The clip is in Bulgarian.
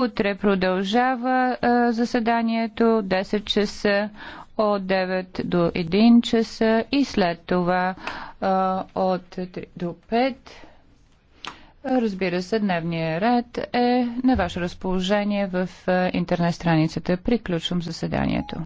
Утре продължава а, заседанието 10 часа от 9 до 1 часа и след това а, от 3 до 5. Разбира се, дневният ред е на ваше разположение в интернет страницата. Приключвам заседанието.